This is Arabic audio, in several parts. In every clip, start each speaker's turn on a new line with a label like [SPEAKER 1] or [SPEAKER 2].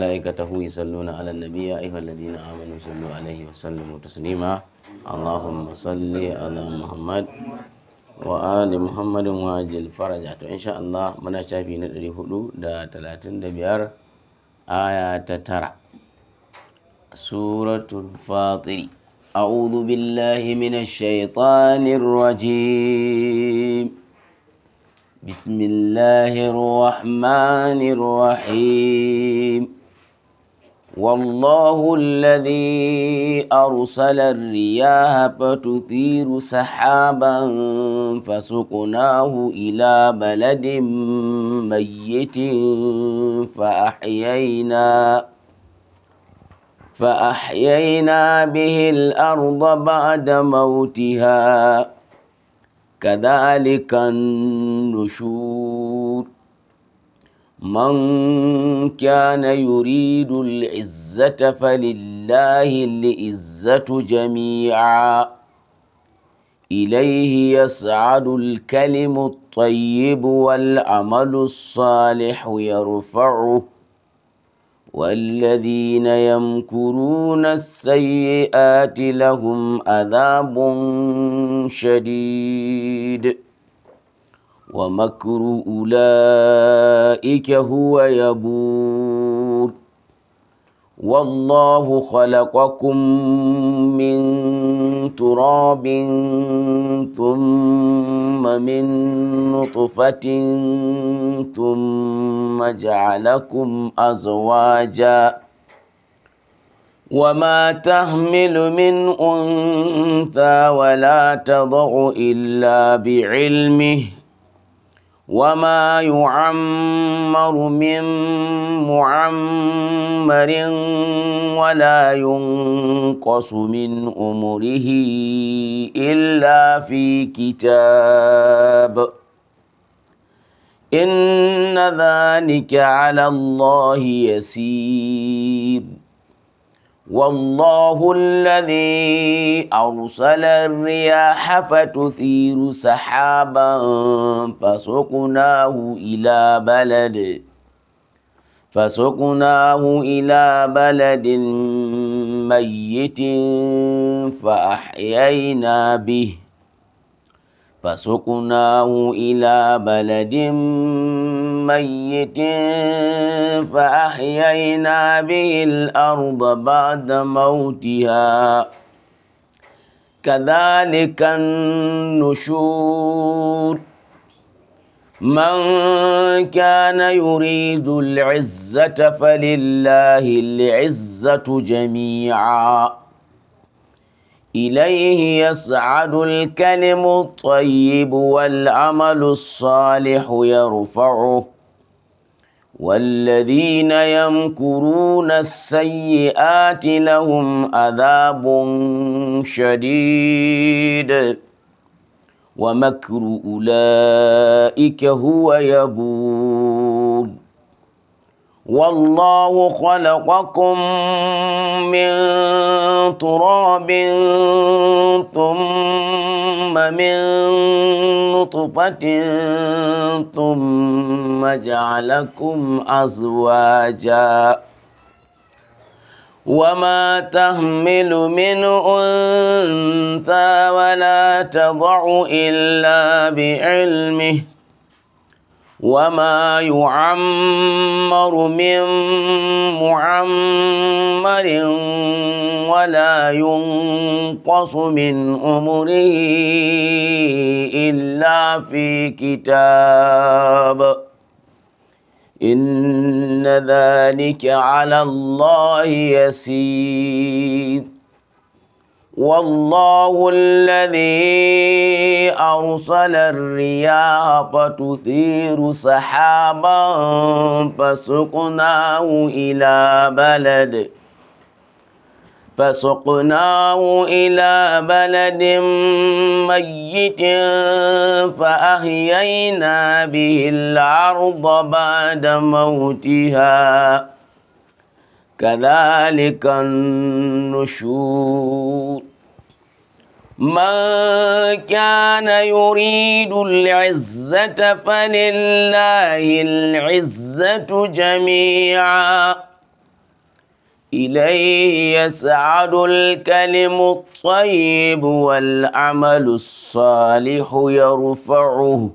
[SPEAKER 1] ملائكته يصلون على النبي يا أيها الذين آمنوا صلوا عليه وسلموا تسليما اللهم صل على محمد وآل محمد وعجل فرجه إن شاء الله من شافي ندري هدو دا تلاتين دبيار آية ترى سورة الفاطر أعوذ بالله من الشيطان الرجيم بسم الله الرحمن الرحيم والله الذي أرسل الرياح فتثير سحابا فسقناه إلى بلد ميت فأحيينا فأحيينا به الأرض بعد موتها كذلك النشور من كان يريد العزة فلله العزة جميعا إليه يسعد الكلم الطيب والعمل الصالح يرفعه والذين يمكرون السيئات لهم عذاب شديد ومكر أولئك هو يبور والله خلقكم من تراب ثم من نطفة ثم جعلكم أزواجاً وما تحمل من أنثى ولا تضع إلا بعلمه وما يعمر من معمر ولا ينقص من أمره إلا في كتاب إن ذلك على الله يسير والله الذي أرسل الرياح فتثير سحابا فسقناه إلى بلد فسقناه إلى بلد ميت فأحيينا به فسقناه إلى بلد ميت ميت فأحيينا به الأرض بعد موتها كذلك النشور من كان يريد العزة فلله العزة جميعا إليه يصعد الكلم الطيب والعمل الصالح يرفعه والذين يمكرون السيئات لهم عذاب شديد ومكر أولئك هو يبور والله خلقكم من تراب ثم من نطفة جعلكم أزواجا وما تحمل من أنثى ولا تضع إلا بعلمه وما يعمر من معمر ولا ينقص من أمره إلا في كتابه إن ذلك على الله يسير والله الذي أرسل الرياح فتثير سحابا فسقناه إلى بلد فسقناه إلى بلد ميت فأحيينا به الأرض بعد موتها كذلك النشور من كان يريد العزة فلله العزة جميعاً إليه يسعد الكلم الطيب والعمل الصالح يرفعه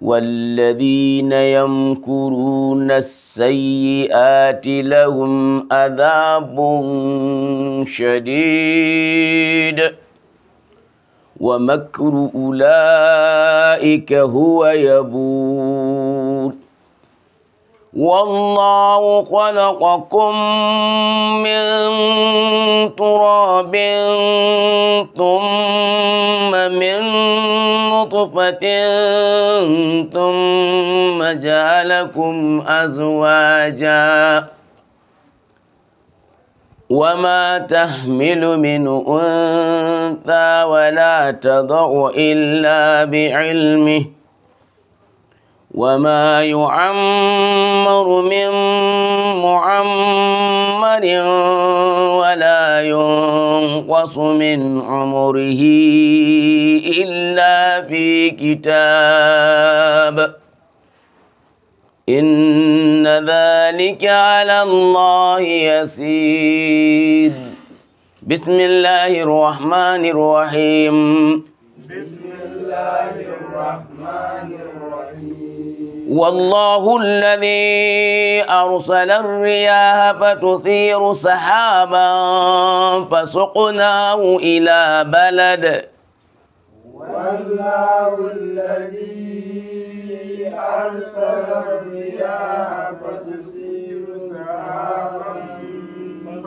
[SPEAKER 1] والذين يمكرون السيئات لهم أذاب شديد ومكر أولئك هو يبور والله خلقكم من تراب ثم من نطفة ثم جعلكم أزواجا وما تحمل من أنثى ولا تضع إلا بعلمه وما يعمر من معمر ولا ينقص من عمره إلا في كتاب إن ذلك على الله يسير بسم الله الرحمن الرحيم بسم الله الرحمن الرحيم والله الذي أرسل الرياح فتثير سحابا فسقناه إلى بلد والله الذي أرسل الرياح فتثير سحابا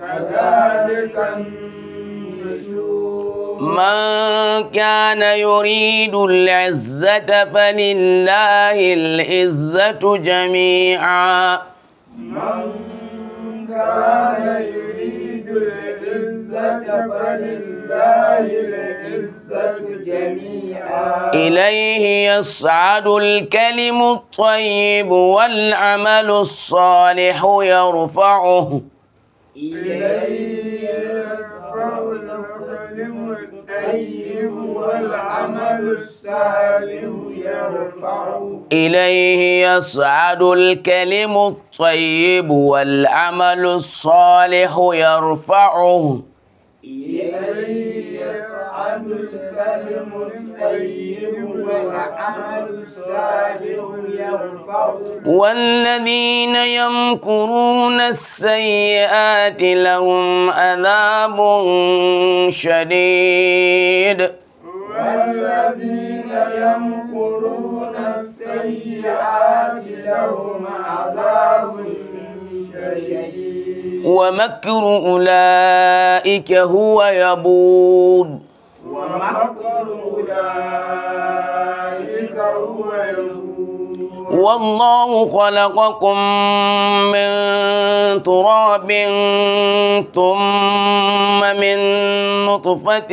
[SPEAKER 1] كذلك النشور من كان يريد العزة فلله العزة جميعا من كان يريد العزة فلله العزة جميعا إليه يصعد الكلم الطيب والعمل الصالح يرفعه إليه يصعد الكلم الطيب والعمل الصالح يرفعه إليه يصعد الكلم الطيب والعمل الصالح يرفعه إليه يصعد الكلم الطيب والعمل الصالح يرفعه والذين يمكرون السيئات لهم عذاب شديد والذين يمكرون السيئات لهم عذاب شديد ومكر أولئك هو يبور ومكر أولئك هو والله خلقكم من تراب ثم من نطفة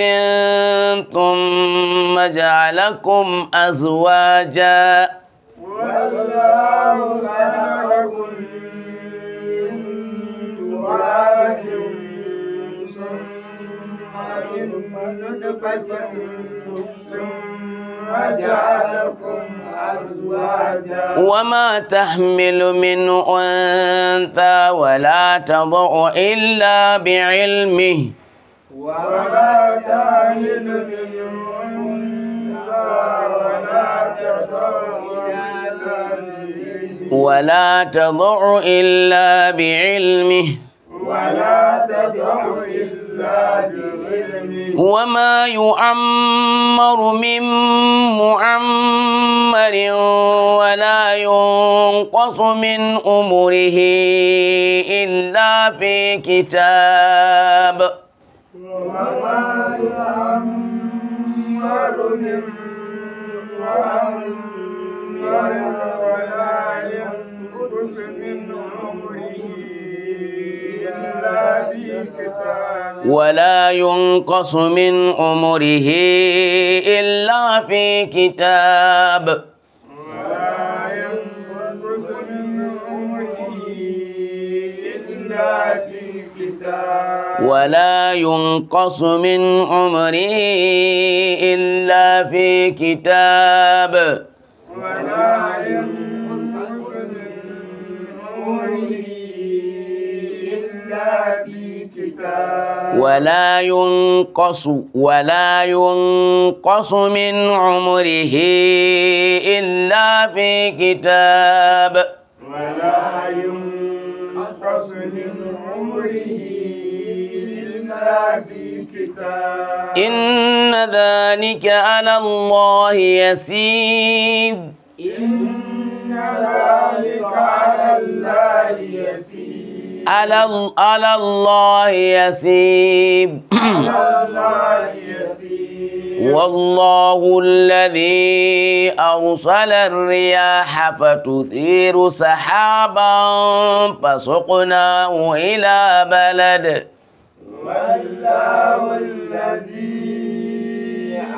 [SPEAKER 1] ثم جعلكم أزواجا والله خلقكم ثم جعلكم أزواجا وما تحمل من أنثى ولا تضع إلا بعلمه وما تحمل من أنثى ولا تضع ولا تضع إلا بعلمه ولا تضع إلا وما يعمر من معمر ولا ينقص من أمره إلا في كتاب وما يعمر من مؤمر ولا ينقص من أمره ولا ينقص من عمره إلا في كتاب ولا ينقص من عمره إلا في كتاب ولا ينقص من عمره إلا في كتاب ولا ينقص ولا ينقص من عمره إلا في كتاب ولا ينقص من عمره إلا في كتاب إن ذلك على الله يسير إن ذلك على الله يسير على على الله يسيب والله الذي أرسل الرياح فتثير سحابا فسقناه إلى بلد والله الذي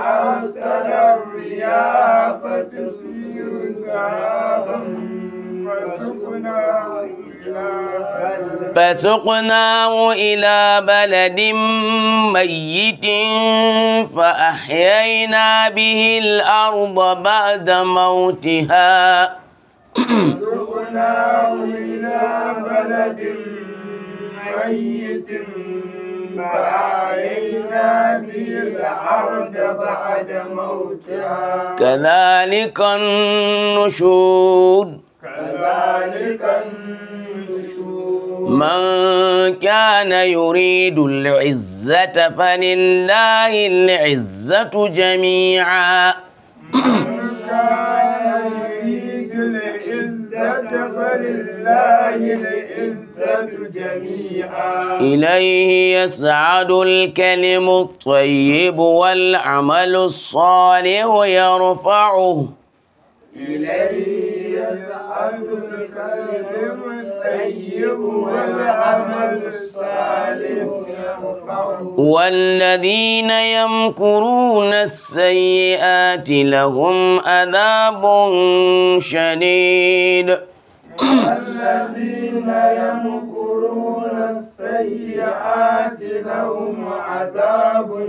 [SPEAKER 1] أرسل الرياح فتثير سحابا فسقناه فسقناه إلى بلد ميت فأحيينا به الأرض بعد موتها فسقناه إلى بلد ميت فأحيينا به الأرض بعد موتها كذلك النشور كذلك النشور من كان يريد العزة فلله العزة جميعا إليه يسعد الكلم الطيب والعمل الصالح يرفعه إليه يسعدك العلم الطيب والعمل الصالح ينفعه والذين يمكرون السيئات لهم عذاب شديد والذين يمكرون السيئات لهم عذاب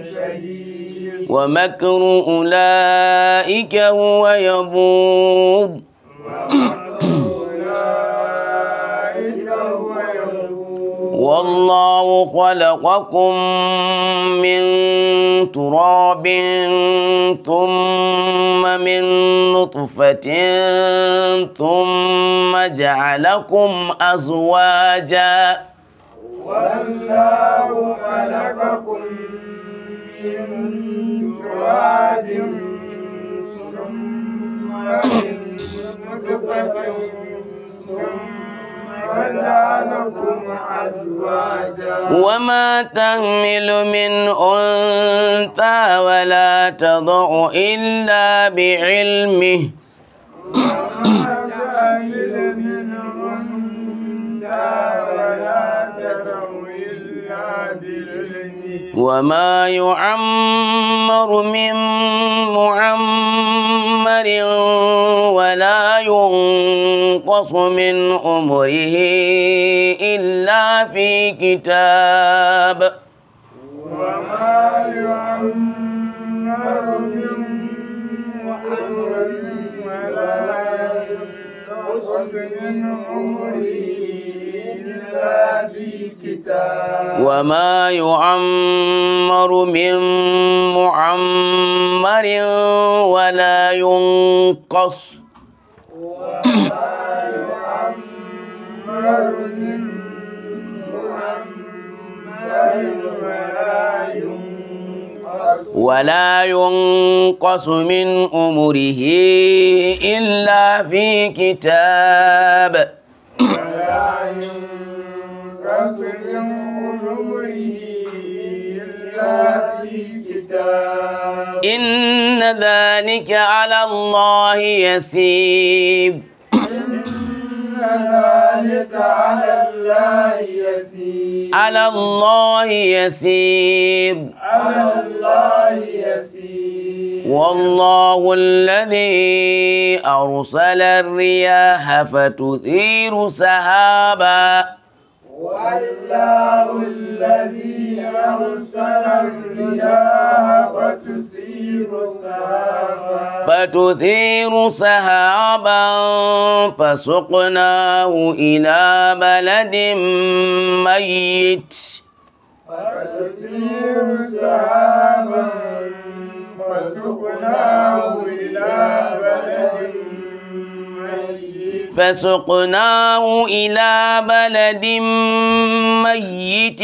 [SPEAKER 1] شديد ومكر أولئك هو يبور والله خلقكم من تراب ثم من نطفة ثم جعلكم أزواجا والله خلقكم وما تحمل من أنثى ولا تضع إلا بعلمه وما تحمل من أنثى ولا وما يعمر من معمر ولا ينقص من عمره إلا في كتاب وما يعمر من معمر ولا ينقص من عمره في كتاب وما يعمر من معمر ولا ينقص وما يعمر من معمر ولا ينقص ولا ينقص من أمره إلا في كتاب ولا ينقص إلا في كتاب إن ذلك على الله يسير إن ذلك على الله يسير على الله يسير على الله يسير والله الذي أرسل الرياح فتثير سحابا والله الذي أرسل الرياح فتثير سحابا فتثير سحابا فسقناه إلى بلد ميت فتثير سحابا فسقناه إلى بلد ميت فسقناه إلى بلد ميت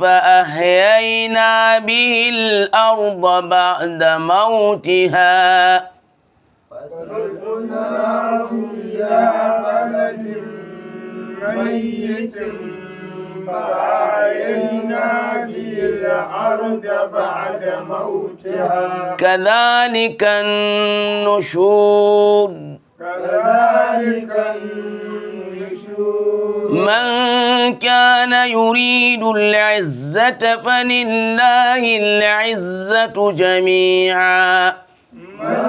[SPEAKER 1] فأحيينا به الأرض بعد موتها فسقناه إلى بلد ميت فأحيينا به الأرض بعد موتها كذلك النشور كذلك من كان يريد العزة فلله العزة جميعا من كان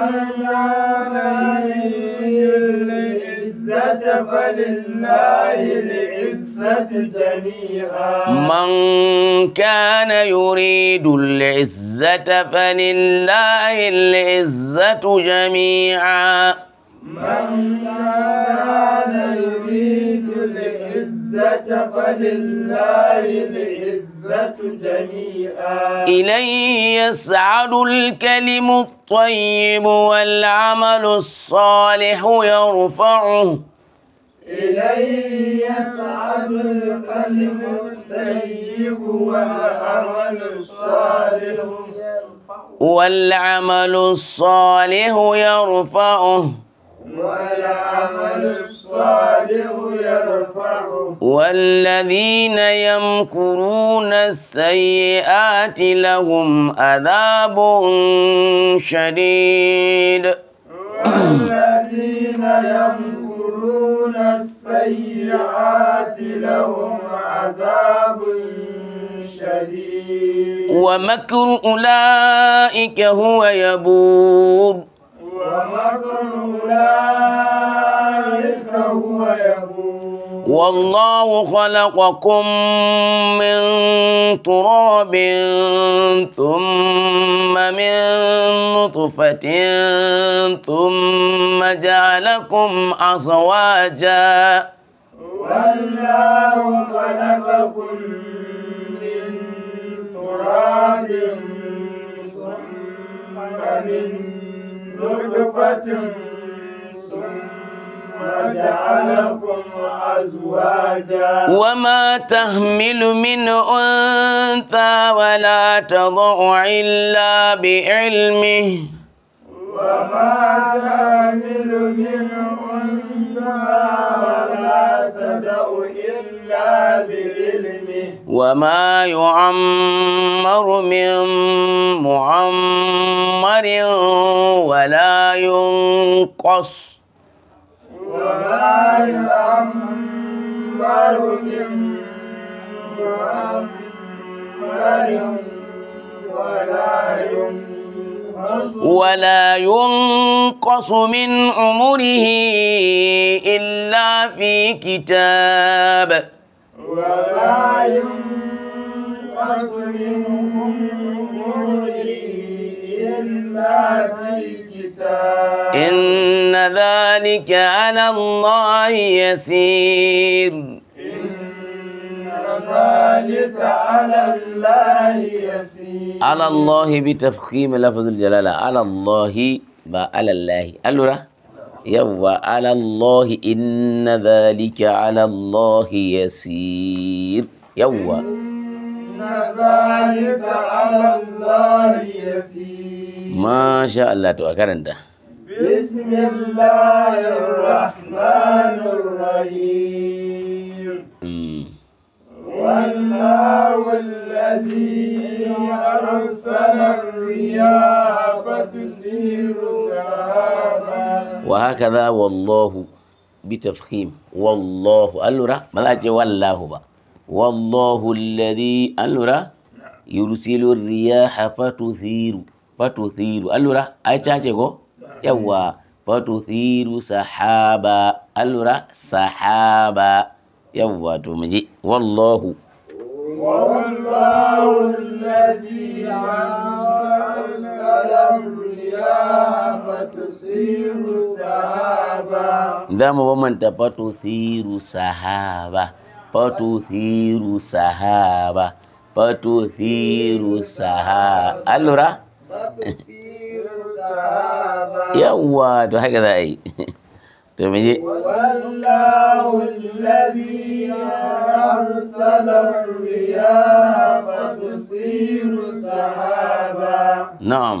[SPEAKER 1] يريد العزة فلله العزة جميعا من كان يريد العزة فلله العزة جميعا من كان يريد العزة فلله العزة جميعا إليه يسعد الكلم الطيب والعمل الصالح يرفعه إليه يسعد الكلم الطيب والعمل الصالح والعمل الصالح يرفعه والعمل الصالح يرفعه والذين يمكرون السيئات لهم عذاب شديد والذين يمكرون السيئات لهم عذاب شديد ومكر أولئك هو يبور هو والله خلقكم من تراب ثم من نطفة ثم جعلكم أزواجا والله خلقكم من تراب ثم من نطفة ثم جعلكم أزواجا وما تحمل من أنثى ولا تضع إلا بعلمه وما تحمل من أنثى ولا تدع إلا بعلمه وما يعمر من معمر ولا ينقص وما يعمر من معمر ولا ينقص ولا ينقص من عمره إلا في كتاب ولا ينقص منهم إلا في كتاب إن ذلك على الله يسير إن ذلك على الله يسير على الله بتفخيم لفظ الجلالة على الله با على الله قال له على الله إن ذلك على الله يسير inna إن ذلك على الله يسير ما شاء الله تؤكرن ده بسم الله الرحمن الرحيم والله الذي أرسل الرياح وهكذا والله بتفخيم والله اللورا ما لاجي والله با والله الذي اللورا يرسل الرياح فتثير فتثير اللورا أي كو يوا فتثير سحابا اللورا سحابا يوا تومجي والله والله الذي عن سلام Za mu manta fato thiru sahaba, fato thiru sahaba, fato thiru sahaba. Allura? Yawwa, to haka za yi. To mu je. ya rarsalar riya fato sahaba. Na'am.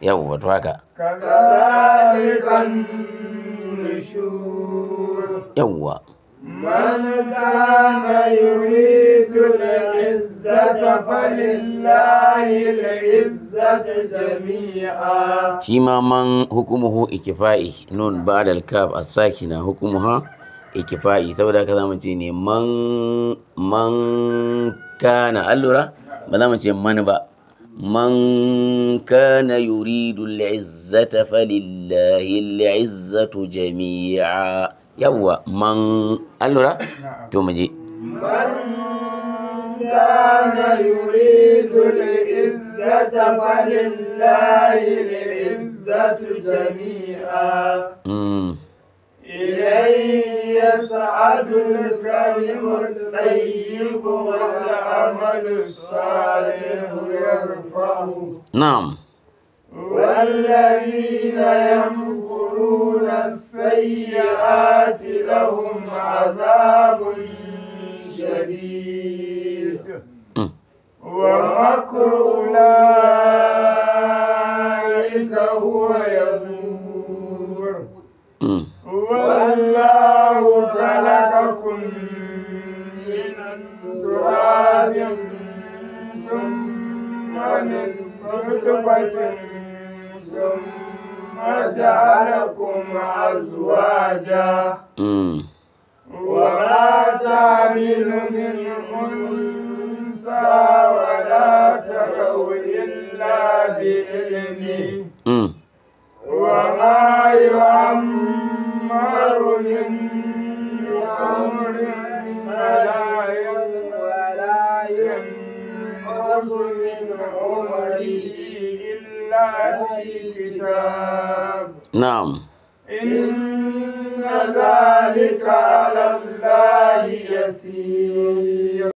[SPEAKER 1] yau wadda ga kimaman hukumuhu ikifai nun ba da alkaf a saki na hukumuhu ikifai saboda ka zama ce ne man kana allura ba zama ce mani ba من كان يريد العزة فلله العزة جميعا يوا من اللورا تومجي من كان يريد العزة فلله العزة جميعا إليه يسعد الكلم الطيب والعمل الصالح يرفعه نعم والذين يمكرون السيئات لهم عذاب شديد ومكر أولئك والله خلقكم من تراب ثم من نطفة ثم جعلكم أزواجا وما تعمل من أنثى ولا تروا إلا بإذنه وما يعمل من أمر فلا علم ولا إلا في نعم إن ذلك على الله يسير